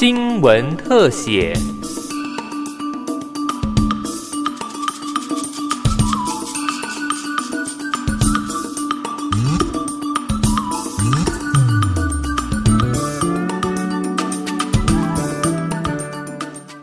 新聞特寫：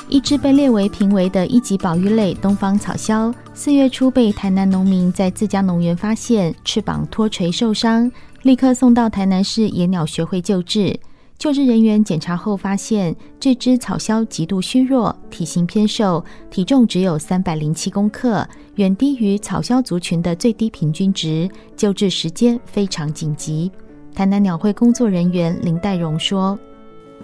一隻被列為瀕危的一級保育類東方草鴞，四月初被台南農民在自家農園發現，翅膀脫垂受傷，立刻送到台南市野鳥學會救治。救治人員檢查後發現，這隻草鴞極度虛弱，體型偏瘦，體重只有三百零七公克，遠低於草鴞族群的最低平均值。救治時間非常緊急。台南鳥會工作人員林代榮說。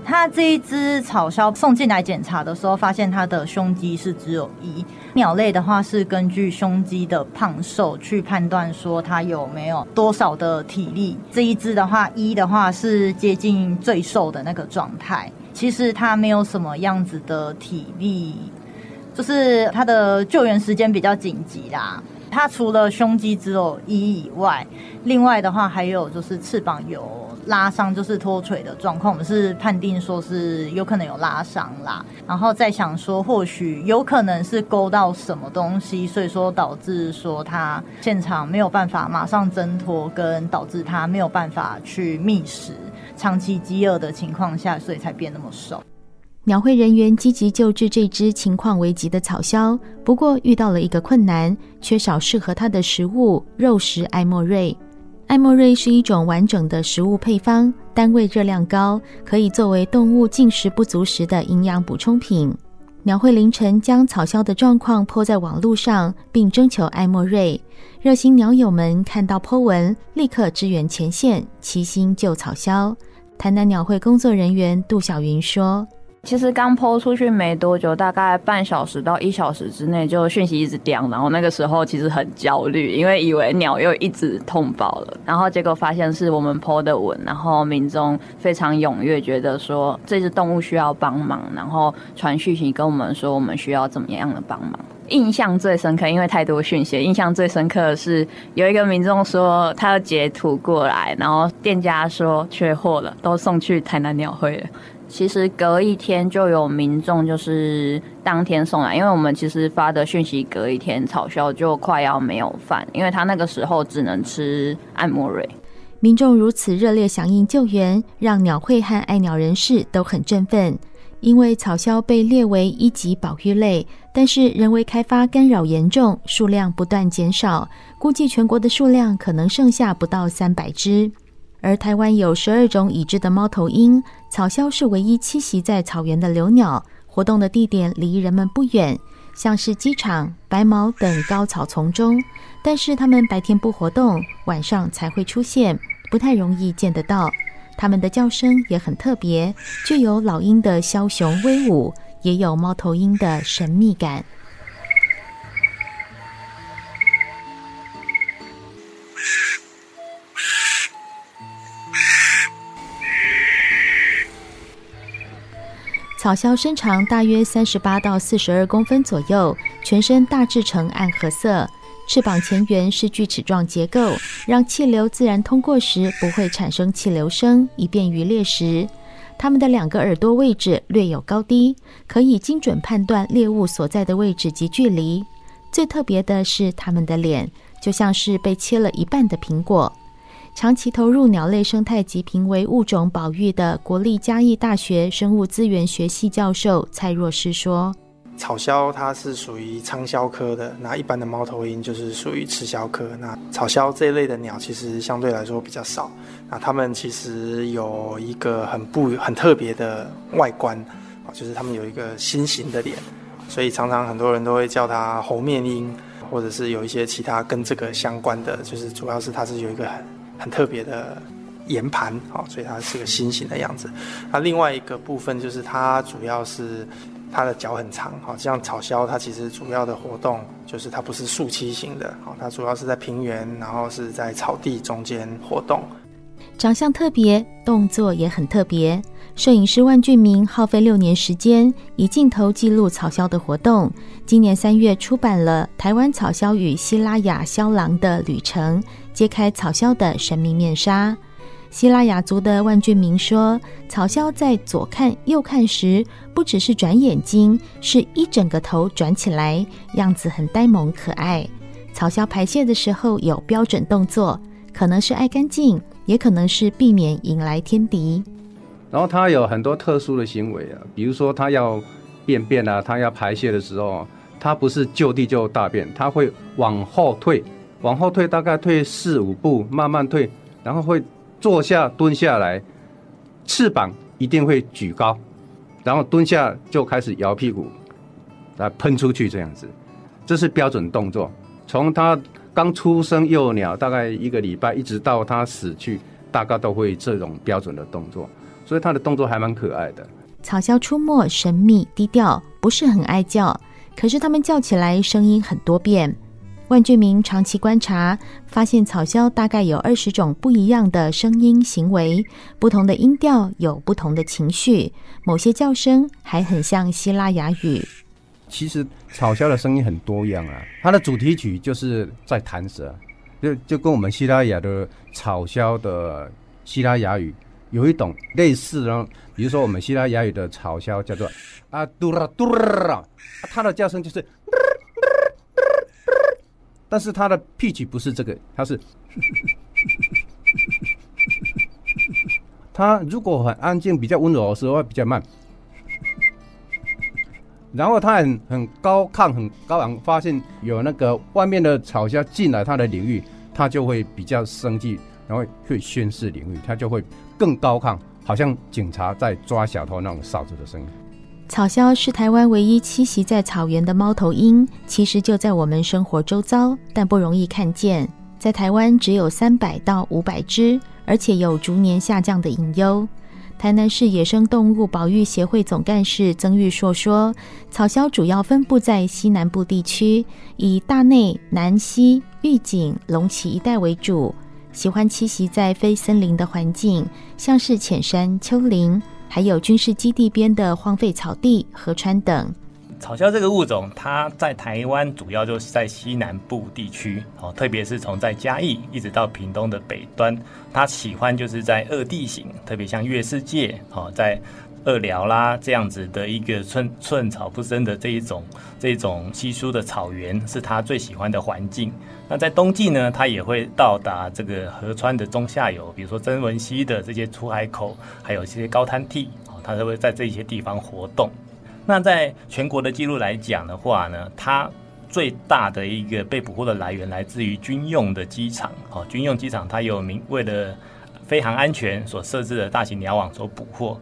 它這一隻草鴞送進來檢查的時候，發現它的胸肌是只有一，鳥類的話是根據胸肌的胖瘦去判斷說它有沒有多少的體力。這一只的話，一的話是接近最瘦的那個狀態。其實它沒有什麼樣子的體力，就是它的救援時間比較緊急啦。它除了胸肌只有一以外，另外的話還有就是翅膀有。拉傷就是脫垂的狀況，我們是判定說是有可能有拉傷啦，然後再想說或許有可能是勾到什麼東西，所以說導致說它現場沒有辦法馬上掙脫，跟導致它沒有辦法去覓食，長期飢餓的情況下，所以才變那麼瘦。鳥會人員積極救治這只情況危急的草鴞，不過遇到了一個困難，缺少適合它的食物，肉食艾茉芮。艾莫瑞是一種完整的食物配方，單位熱量高，可以作為動物進食不足時的營養補充品。鳥會凌晨將草鴞的狀況 PO 在網路上，並徵求艾茉芮。熱心鳥友們看到 PO 文，立刻支援前線，齊心救草鴞。台南鳥會工作人員杜小雲說。其實剛剖出去沒多久，大概半小時到一小時之內，就訊息一直掉，然後那個時候其實很焦慮，因為以為鳥又一直痛飽了，然後結果發現是我們剖的穩，然後民眾非常踴躍，覺得說這只動物需要幫忙，然後傳訊息跟我們說我們需要怎麼樣的幫忙。印象最深刻，因為太多訊息，印象最深刻的是有一個民眾說他要截圖過來，然後店家說缺貨了，都送去台南鳥會了。其實隔一天就有民眾，就是當天送來，因為我們其實發的訊息隔一天，草鴞就快要沒有飯，因為他那個時候只能吃艾茉芮。民眾如此熱烈響應救援，讓鳥會和愛鳥人士都很振奮，因為草鴞被列為一級保育類，但是人為開發干擾嚴重，數量不斷減少，估計全國的數量可能剩下不到三百只。而台灣有十二種已知的貓頭鷹，草鴞是唯一棲息在草原的留鳥，活動的地點離人們不遠，像是機場、白茅等高草叢中。但是它們白天不活動，晚上才會出現，不太容易見得到。它們的叫聲也很特別，具有老鷹的梟雄威武，也有貓頭鷹的神秘感。草鴞身長大約三十八到四十二公分左右，全身大致呈暗褐色，翅膀前緣是鋸齒狀結構，讓氣流自然通過時不會產生氣流聲，以便於獵食。它們的兩個耳朵位置略有高低，可以精準判斷獵物所在的位置及距離。最特別的是它們的臉，就像是被切了一半的蘋果。長期投入鳥類生態及瀕危物種保育的國立嘉義大學生物資源學系教授蔡若詩說：“草鴞它是屬於倉鴞科的，那一般的貓頭鷹就是屬於鴟鴞科。那草鴞這一類的鳥其實相對來說比較少。那它們其實有一個很不很特別的外觀，啊，就是它們有一個心形的臉，所以常常很多人都會叫它猴面鷹，或者是有一些其他跟這個相關的，就是主要是它是有一個很。”很特別的顏盤，所以它是個心形的樣子。那另外一個部分就是它主要是它的腳很長，好，像草鴞它其實主要的活動就是它不是樹棲型的，好，它主要是在平原，然後是在草地中間活動。長相特別，動作也很特別。攝影師萬俊明耗費六年時間，以鏡頭記錄草鴞的活動。今年三月出版了《台灣草鴞與西拉雅梟郎的旅程》。揭開草鴞的神秘面紗，西拉雅族的萬俊明說，草鴞在左看右看時，不只是轉眼睛，是一整個頭轉起來，樣子很呆萌可愛。草鴞排泄的時候有標準動作，可能是愛乾淨，也可能是避免引來天敵。然後它有很多特殊的行為啊，比如說它要便便啊，它要排泄的時候，它不是就地就大便，它會往後退。往後退大概退四五步，慢慢退，然後會坐下蹲下來，翅膀一定會舉高，然後蹲下就開始搖屁股，來噴出去這樣子，這是標準動作。從它剛出生幼鳥，大概一個禮拜，一直到它死去，大概都會這種標準的動作。所以它的動作還蠻可愛的。草鴞出沒神秘低調，不是很愛叫，可是它們叫起來聲音很多變。萬俊明長期觀察，發現草鴞大概有二十種不一樣的聲音行為，不同的音調有不同的情緒，某些叫聲還很像西拉雅語。其實草鴞的聲音很多樣啊，它的主題曲就是在彈舌，就就跟我們西拉雅的草鴞的西拉雅語有一種類似呢。比如說我們西拉雅語的草鴞叫做啊嘟啦嘟啦，它的叫聲就是。但是它的 pitch 不是這個，它是，它如果很安靜、比較溫柔的時候會比較慢。然後它很很高亢、很高昂，發現有那個外面的草鴞進來它的領域，它就會比較生氣，然後會宣示領域，它就會更高亢，好像警察在抓小偷那種哨子的聲音。草鴞是台灣唯一棲息在草原的貓頭鷹，其實就在我們生活周遭，但不容易看見。在台灣只有三百到五百隻，而且有逐年下降的隱憂。台南市野生動物保育協會總幹事曾玉碩說，說，草鴞主要分布在西南部地區，以大內、南西、玉井、龍崎一帶為主，喜歡棲息在非森林的環境，像是淺山、丘陵。還有軍事基地邊的荒廢草地、河川等。草鴞這個物種，它在台灣主要就是在西南部地區，哦，特別是從在嘉義一直到屏東的北端，它喜歡就是在惡地形，特別像月世界，哦，在。二寮啦，這樣子的一個寸寸草不生的這一種，這種稀疏的草原，是它最喜歡的環境。那在冬季呢，它也會到達這個河川的中下游，比如說曾文溪的這些出海口，還有一些高灘地，它都會在這些地方活動。那在全國的記錄來講的話呢，它最大的一個被捕獲的來源來自於軍用的機場哦，軍用機場它有為為了飛航安全所設置的大型鳥網所捕獲。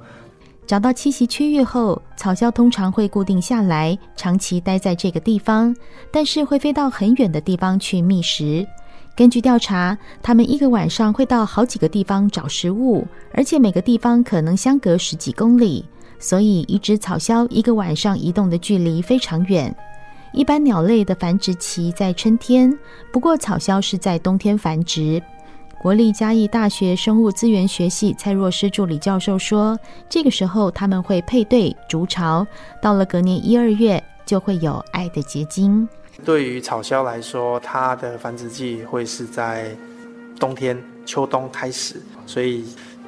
找到棲息區域後，草鴞通常會固定下來，長期待在這個地方，但是會飛到很遠的地方去覓食。根據調查，它們一個晚上會到好幾個地方找食物，而且每個地方可能相隔十幾公里，所以一隻草鴞一個晚上移動的距離非常遠。一般鳥類的繁殖期在春天，不過草鴞是在冬天繁殖。國立嘉義大學生物資源學系蔡若詩助理教授說：“這個時候他們會配對築巢，到了隔年一二月就會有愛的結晶。對於草鴞來說，它的繁殖季會是在冬天、秋冬開始，所以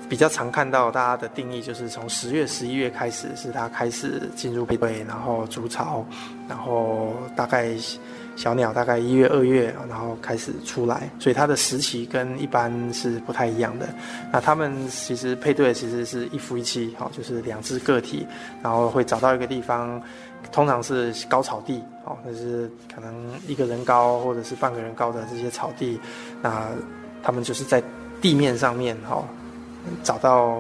比較常看到大家的定義就是從十月、十一月開始，是它開始進入配對，然後築巢，然後大概。”小鳥大概一月、二月，然後開始出來，所以它的時期跟一般是不太一樣的。那它們其實配對，其實是一夫一妻，好，就是兩隻個體，然後會找到一個地方，通常是高草地，哦，但是可能一個人高或者是半個人高的這些草地，那它們就是在地面上面，好，找到，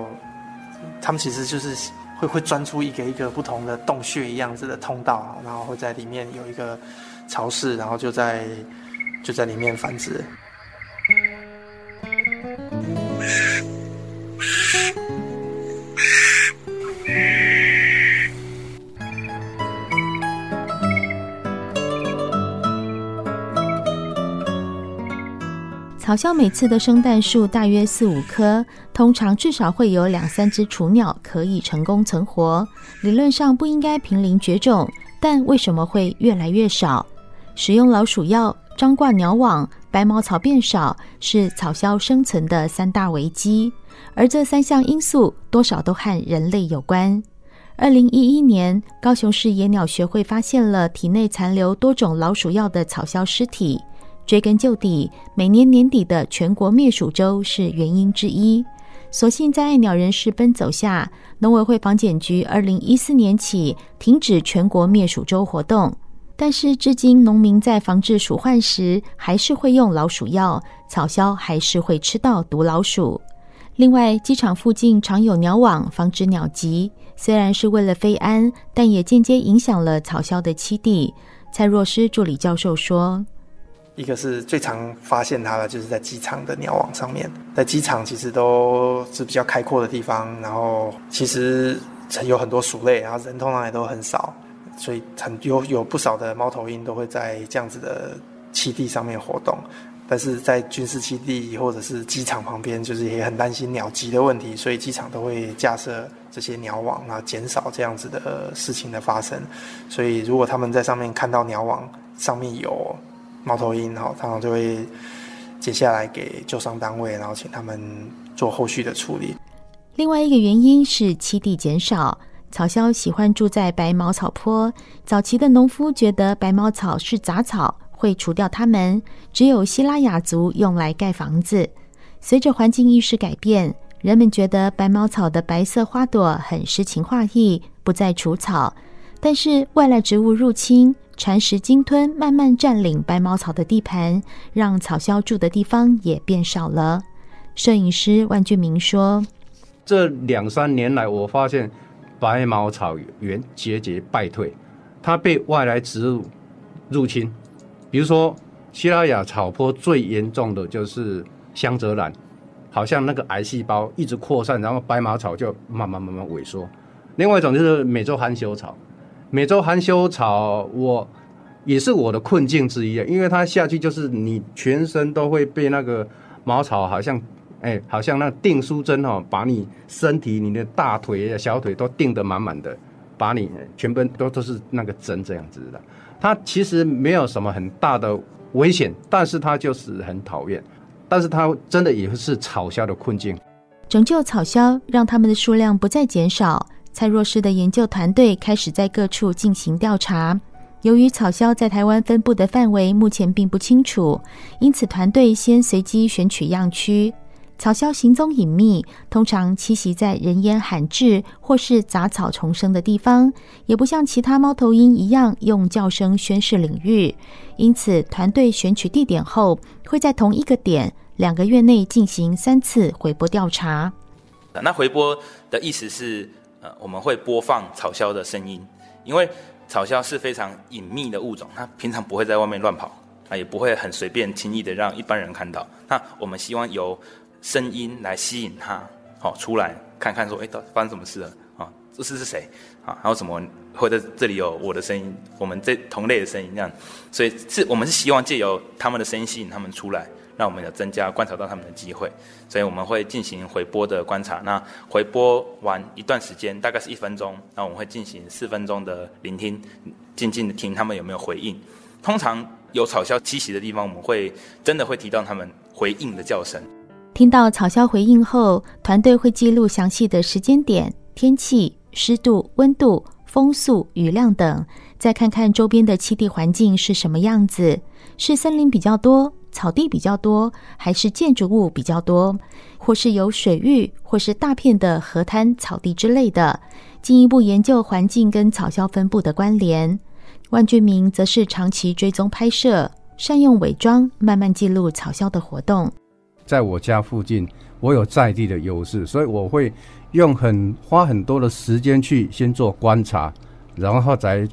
它們其實就是會會鑽出一個一個不同的洞穴一樣子的通道，然後會在裡面有一個。巢室，然後就在就在裡面繁殖。草鴞每次的生蛋數大約四五顆，通常至少會有兩三只雛鳥可以成功存活。理論上不應該瀕臨絕種，但為什麼會越來越少？使用老鼠藥、張掛鳥網、白茅草變少，是草鴞生存的三大危機。而這三項因素，多少都和人類有關。二零一一年，高雄市野鳥學會發現了體內殘留多種老鼠藥的草鴞屍體，追根究底，每年年底的全國滅鼠週是原因之一。所幸在愛鳥人士奔走下，農委會防檢局二零一四年起停止全國滅鼠週活動。但是至今，農民在防治鼠患時還是會用老鼠藥，草鴞還是會吃到毒老鼠。另外，機場附近常有鳥網防止鳥擊，雖然是為了飛安，但也間接影響了草鴞的棲地。蔡若詩助理教授說：“一個是最常發現它的，就是在機場的鳥網上面。在機場其實都是比較開闊的地方，然後其實有很多鼠類，然後人通常也都很少。”所以很有有不少的貓頭鷹都會在這樣子的棲地上面活動，但是在軍事基地或者是機場旁邊，就是也很擔心鳥擊的問題，所以機場都會架設這些鳥網，然後減少這樣子的事情的發生。所以如果他們在上面看到鳥網上面有貓頭鷹，然後他們就會接下來給救傷單位，然後請他們做後續的處理。另外一個原因是棲地減少。草鴞喜歡住在白茅草坡。早期的農夫覺得白茅草是雜草，會除掉它們。只有西拉雅族用來蓋房子。隨着環境意識改變，人們覺得白茅草的白色花朵很詩情畫意，不再除草。但是外來植物入侵，蠶食鯨吞，慢慢佔領白茅草的地盤，讓草鴞住的地方也變少了。攝影師萬俊明說：“這兩三年來，我發現。”白茅草原節節敗退，它被外來植物入侵，比如說西拉雅草坡最嚴重的就是香澤蘭，好像那個癌細胞一直擴散，然後白茅草就慢慢慢慢萎縮。另外一種就是美洲含羞草，美洲含羞草我也是我的困境之一，因為它下去就是你全身都會被那個毛草好像。哎，好像那訂書針哦，把你身體、你的大腿、小腿都釘得滿滿的，把你、哎、全部都都是那個針這樣子的。它其實沒有什麼很大的危險，但是它就是很討厭，但是它真的也是草鴞的困境。拯救草鴞，讓他們的數量不再減少。蔡若詩的研究團隊開始在各處進行調查。由於草鴞在台灣分佈的範圍目前並不清楚，因此團隊先隨機選取樣區。草鴞行蹤隱秘，通常棲息在人煙罕至或是雜草叢生的地方，也不像其他貓頭鷹一樣用叫聲宣示領域。因此，團隊選取地點後，會在同一個點兩個月內進行三次回播調查。那回播的意思是，呃，我們會播放草鴞的聲音，因為草鴞是非常隱秘的物種，它平常不會在外面亂跑，啊，也不會很隨便輕易的讓一般人看到。那我們希望由聲音來吸引他，好出來看看說，說哎，到底發生什麼事了？啊，這是是誰？啊，還有什麼？或者這裡有我的聲音？我們這同類的聲音那樣，所以是我們是希望借由他們的聲音吸引他們出來，讓我們有增加觀察到他們的機會。所以我們會進行回播的觀察。那回播完一段時間，大概是一分鐘，那我們會進行四分鐘的聆聽，靜靜的聽他們有沒有回應。通常有草鴞棲息的地方，我們會真的會提到他們回應的叫聲。聽到草鴞回應後，團隊會記錄詳細的時間點、天氣、濕度、溫度、風速、雨量等，再看看周邊的棲地環境是什麼樣子：是森林比較多、草地比較多，還是建築物比較多，或是有水域，或是大片的河灘、草地之類的。進一步研究環境跟草鴞分布的關聯。萬俊明則是長期追蹤拍攝，善用偽裝，慢慢記錄草鴞的活動。在我家附近，我有在地的優勢，所以我會用很花很多的時間去先做觀察，然後再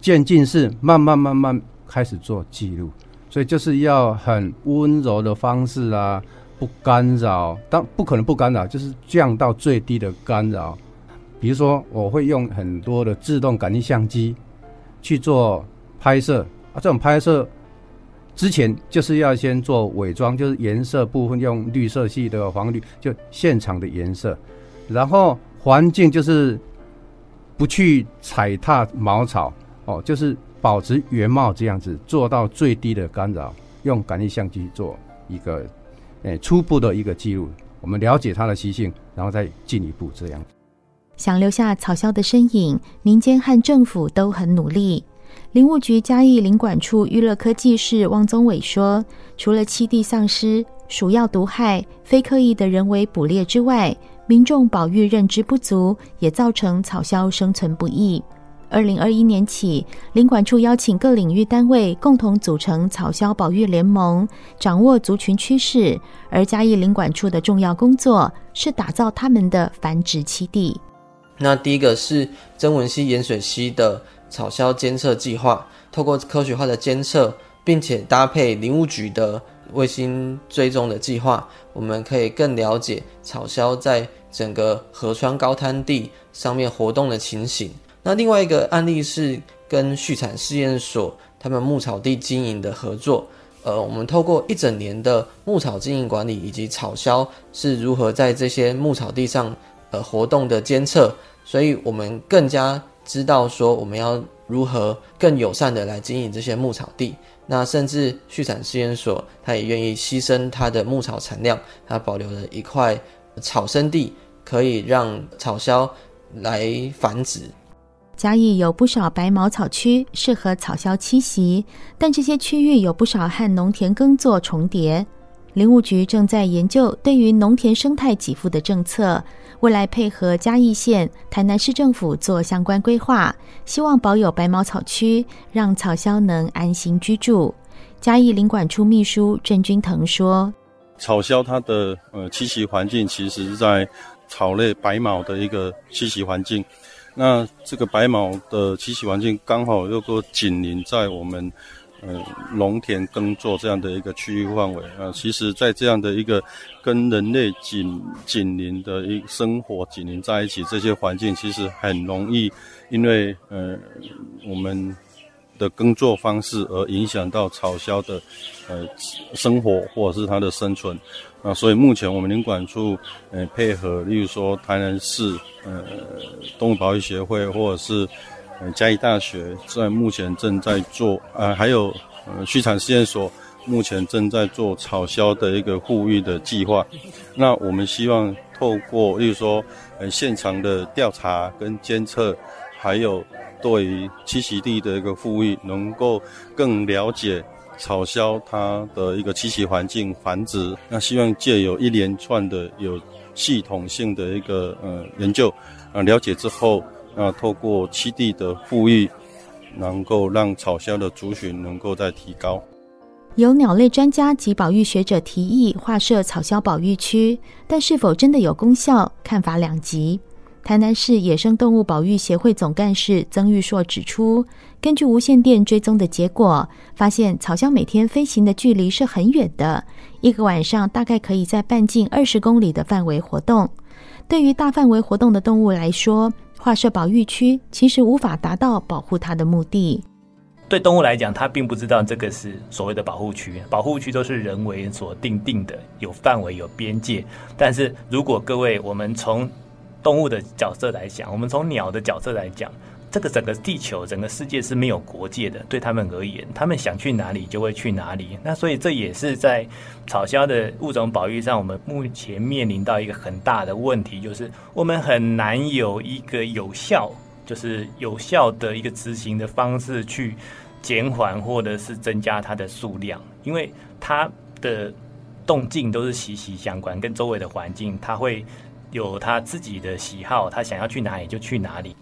漸進式慢慢慢慢開始做記錄。所以就是要很溫柔的方式啊，不干擾，但不可能不干擾，就是降到最低的干擾。比如說，我會用很多的自動感應相機去做拍攝啊，這種拍攝。之前就是要先做偽裝，就是顏色部分用綠色系的黃綠，就現場的顏色，然後環境就是不去踩踏茅草，哦，就是保持原貌這樣子，做到最低的干擾，用感應相機做一個，誒、哎，初步的一個記錄，我們了解它的習性，然後再進一步這樣。想留下草鴞的身影，民間和政府都很努力。林務局嘉義林管處娛樂科技士汪宗偉說，除了棲地喪失、鼠藥毒害、非刻意的人為捕獵之外，民眾保育認知不足，也造成草鴞生存不易。二零二一年起，林管處邀請各領域單位共同組成草鴞保育聯盟，掌握族群趨勢。而嘉義林管處的重要工作是打造他們的繁殖棲地。那第一個是曾文溪、鹽水溪的。草鴞監測計劃，透過科學化的監測，並且搭配林務局的衛星追蹤的計劃，我們可以更了解草鴞在整個河川高灘地上面活動的情形。那另外一個案例是跟畜產試驗所他們牧草地經營的合作，呃，我們透過一整年的牧草經營管理以及草鴞是如何在這些牧草地上呃活動的監測，所以我們更加。知道說我們要如何更友善的來經營這些牧草地，那甚至畜產試驗所，他也願意犧牲他的牧草產量，他保留了一塊草生地，可以讓草鴞來繁殖。嘉義有不少白茅草區適合草鴞棲息，但這些區域有不少和農田耕作重疊。林務局正在研究對於農田生態給付的政策，未來配合嘉義縣、台南市政府做相關規劃，希望保有白茅草區，讓草鴞能安心居住。嘉義林管處秘書鄭君騰說：“草鴞它的呃棲息環境其實是在草類白茅的一個棲息環境，那這個白茅的棲息環境剛好又夠緊鄰在我們。”呃，農田耕作這樣的一個區域範圍啊、呃，其實在這樣的一個跟人類緊緊鄰的一生活緊鄰在一起，這些環境其實很容易因為呃我們的耕作方式而影響到草鴞的呃生活或者是它的生存啊、呃，所以目前我們林管處呃配合，例如說台南市呃動物保育協會或者是。嘉義大學在目前正在做，呃，還有，呃、畜產試驗所目前正在做草鴞的一個復育的計劃。那我們希望透過，例如說，呃，現場的調查跟監測，還有對於棲息地的一個復育，能夠更了解草鴞它的一個棲息環境、繁殖。那希望藉由一連串的有系統性的一個呃研究，啊、呃，了解之後。那透過棲地的復育，能夠讓草鴞的族群能夠再提高。有鳥類專家及保育學者提議劃設草鴞保育區，但是否真的有功效，看法兩極。台南市野生動物保育協會總幹事曾玉碩指出，根據無線電追蹤的結果，發現草鴞每天飛行的距離是很遠的，一個晚上大概可以在半徑二十公里的範圍活動。對於大範圍活動的動物來說，劃設保育區其實無法達到保護它的目的。對動物來講，它並不知道這個是所謂的保護區。保護區都是人為所定定的，有範圍、有邊界。但是如果各位，我們從動物的角色來講，我們從鳥的角色來講。這個整個地球、整個世界是沒有國界的，對他們而言，他們想去哪裡就會去哪裡。那所以這也是在草鴞的物種保育上，我們目前面臨到一個很大的問題，就是我們很難有一個有效，就是有效的一個執行的方式去減緩或者是增加它的數量，因為它的動靜都是息息相關，跟周圍的環境，它會有它自己的喜好，它想要去哪裡就去哪裡。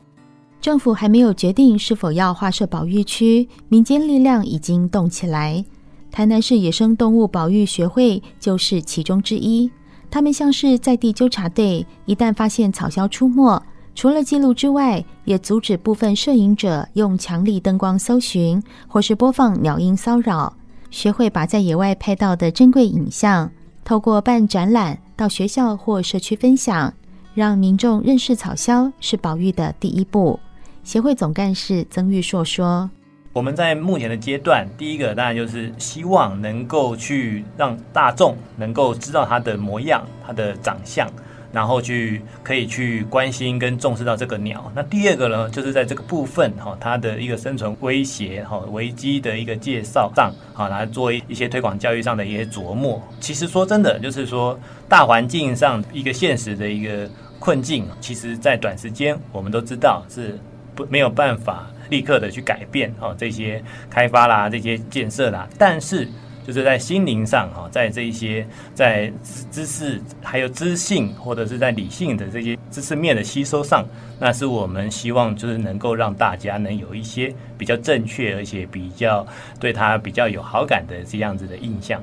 政府還沒有決定是否要劃設保育區，民間力量已經動起來。台南市野生動物保育學會就是其中之一。他們像是在地糾察隊，一旦發現草鴞出沒，除了記錄之外，也阻止部分攝影者用強力燈光搜尋，或是播放鳥音騷擾。學會把在野外拍到的珍貴影像，透過辦展覽到學校或社區分享，讓民眾認識草鴞是保育的第一步。協會總幹事曾玉碩說：“我們在目前的階段，第一個當然就是希望能夠去讓大眾能夠知道它的模樣、它的長相，然後去可以去關心跟重視到這個鳥。那第二個呢，就是在這個部分哈，它的一個生存威脅哈危機的一個介紹上，好來做一一些推廣教育上的一些琢磨。其實說真的，就是說大環境上一個現實的一個困境，其實在短時間我們都知道是。”不沒有辦法立刻的去改變哦，這些開發啦、這些建設啦，但是就是在心靈上哈，在這些在知識還有知性或者是在理性的這些知識面的吸收上，那是我們希望就是能夠讓大家能有一些比較正確而且比較對他比較有好感的這樣子的印象。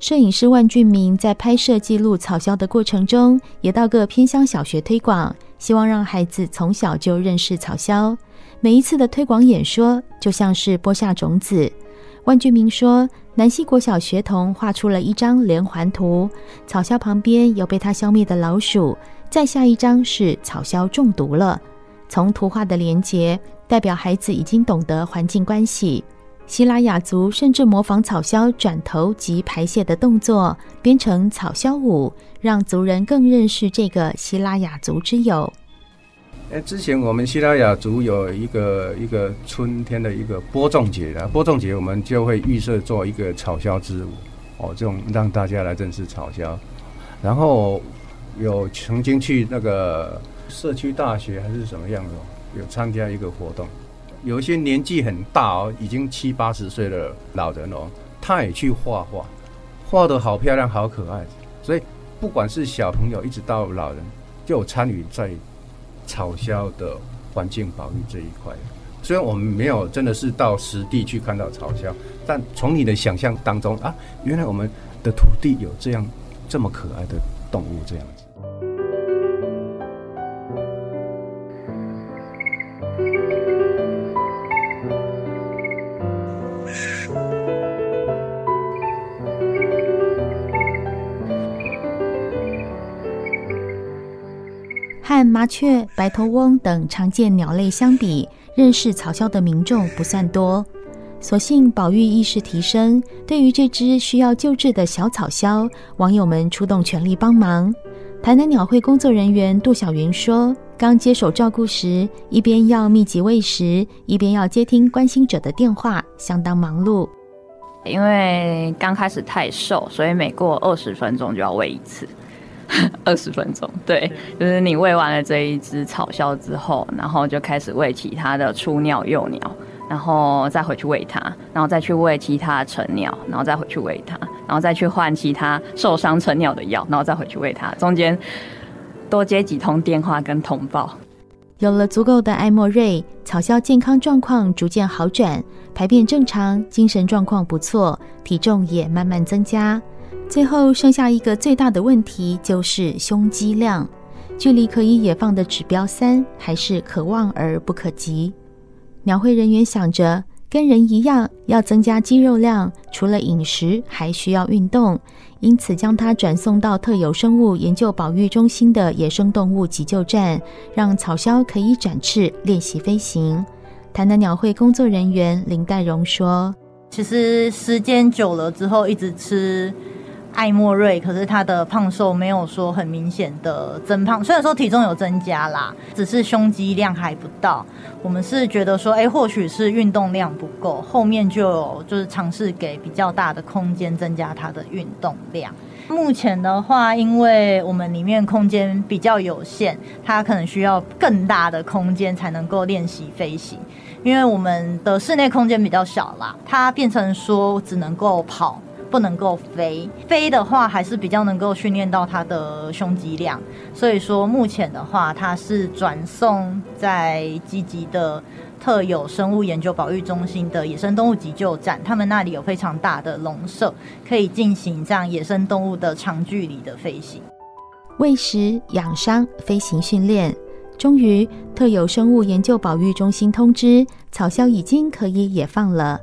攝影師萬俊明在拍攝記錄草削的過程中，也到各偏鄉小學推廣。希望讓孩子從小就認識草鴞。每一次的推廣演說，就像是播下種子。萬俊明說，南溪國小學童畫出了一張連環圖，草鴞旁邊有被他消滅的老鼠，再下一張是草鴞中毒了。從圖畫的連結，代表孩子已經懂得環境關係。西拉雅族甚至模仿草鴞轉頭及排泄的動作，編成草鴞舞，讓族人更認識這個西拉雅族之友。欸，之前我們西拉雅族有一個一個春天的一個播種節啊，播種節我們就會預設做一個草鴞之舞哦，這種讓大家來認識草鴞。然後有曾經去那個社區大學還是什麼樣的，有參加一個活動。有一些年紀很大哦，已經七八十歲的老人哦，他也去畫畫，畫得好漂亮，好可愛。所以不管是小朋友一直到老人，就有參與在草鴞的環境保育這一塊。雖然我們沒有真的是到實地去看到草鴞，但從你的想象當中啊，原來我們的土地有這樣這麼可愛的動物這樣子。麻雀、白頭翁等常見鳥類相比，認識草鴞的民眾不算多。所幸保育意識提升，對於這只需要救治的小草鴞，網友們出動全力幫忙。台南鳥會工作人員杜小雲說：“剛接手照顧時，一邊要密集餵食，一邊要接聽關心者的電話，相當忙碌。因為剛開始太瘦，所以每過二十分鐘就要餵一次。”二 十分鐘，對，就是你餵完了這一隻草鴞之後，然後就開始餵其他的雛鳥、幼鳥，然後再回去餵它，然後再去餵其他成鳥，然後再回去餵它，然後再去換其他受傷成鳥的藥，然後再回去餵它。中間多接幾通電話跟通報。有了足夠的艾茉芮，草鴞，健康狀況逐漸好轉，排便正常，精神狀況不錯，體重也慢慢增加。最後剩下一個最大的問題，就是胸肌量，距離可以野放的指標三還是可望而不可及。鳥會人員想着跟人一樣要增加肌肉量，除了飲食還需要運動，因此將它轉送到特有生物研究保育中心的野生動物急救站，讓草鴞可以展翅練習飛行。台南鳥會工作人員林黛榮說：“其實時間久了之後，一直吃。”艾茉芮，可是他的胖瘦沒有說很明顯的增胖，雖然說體重有增加啦，只是胸肌量還不到。我們是覺得說，誒，或許是運動量不夠，後面就有就是嘗試給比較大的空間增加他的運動量。目前的話，因為我們裡面空間比較有限，他可能需要更大的空間才能夠練習飛行，因為我們的室內空間比較小啦，他變成說只能夠跑。不能夠飛，飛的話還是比較能夠訓練到它的胸肌量，所以說目前的話，它是轉送在積極的特有生物研究保育中心的野生動物急救站，他們那裡有非常大的籠舍，可以進行這樣野生動物的長距離的飛行、餵食、養傷、飛行訓練。終於，特有生物研究保育中心通知，草鴞已經可以野放了。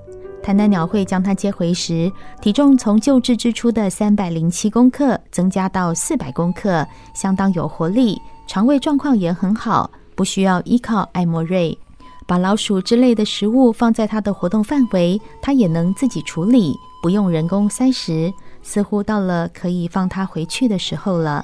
台南鳥會將它接回時，體重從救治之初的三百零七公克增加到四百公克，相當有活力，腸胃狀況也很好，不需要依靠艾茉芮。把老鼠之類的食物放在它的活動範圍，它也能自己處理，不用人工塞食。似乎到了可以放它回去的時候了。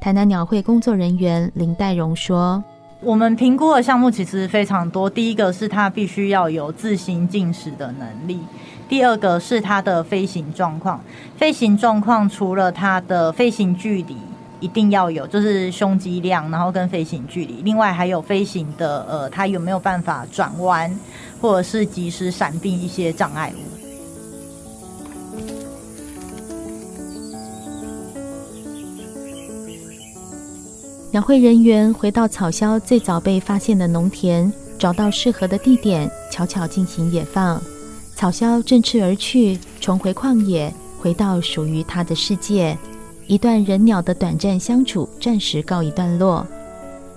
台南鳥會工作人員林黛榮說。我們評估的項目其實非常多。第一個是它必須要有自行進食的能力，第二個是它的飛行狀況。飛行狀況除了它的飛行距離一定要有，就是胸肌量，然後跟飛行距離，另外還有飛行的呃，它有沒有辦法轉彎，或者是及時閃避一些障礙物。鳥會人員回到草鴞最早被發現的農田，找到適合的地點，悄悄進行野放。草鴞振翅而去，重回曠野，回到屬於它的世界。一段人鳥的短暫相處，暫時告一段落。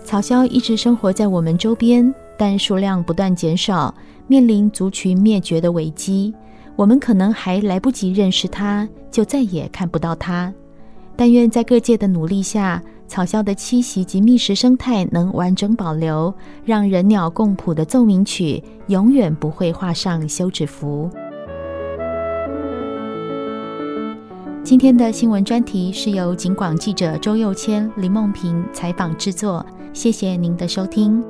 草鴞一直生活在我們周邊，但數量不斷減少，面臨族群滅絕的危機。我們可能還來不及認識它，就再也看不到它。但願在各界的努力下，草鴞的棲息及覓食生態能完整保留，讓人鳥共譜的奏鳴曲永遠不會畫上休止符。今天的新聞專題是由警廣記者周幼謙、林夢萍採訪製作，謝謝您的收聽。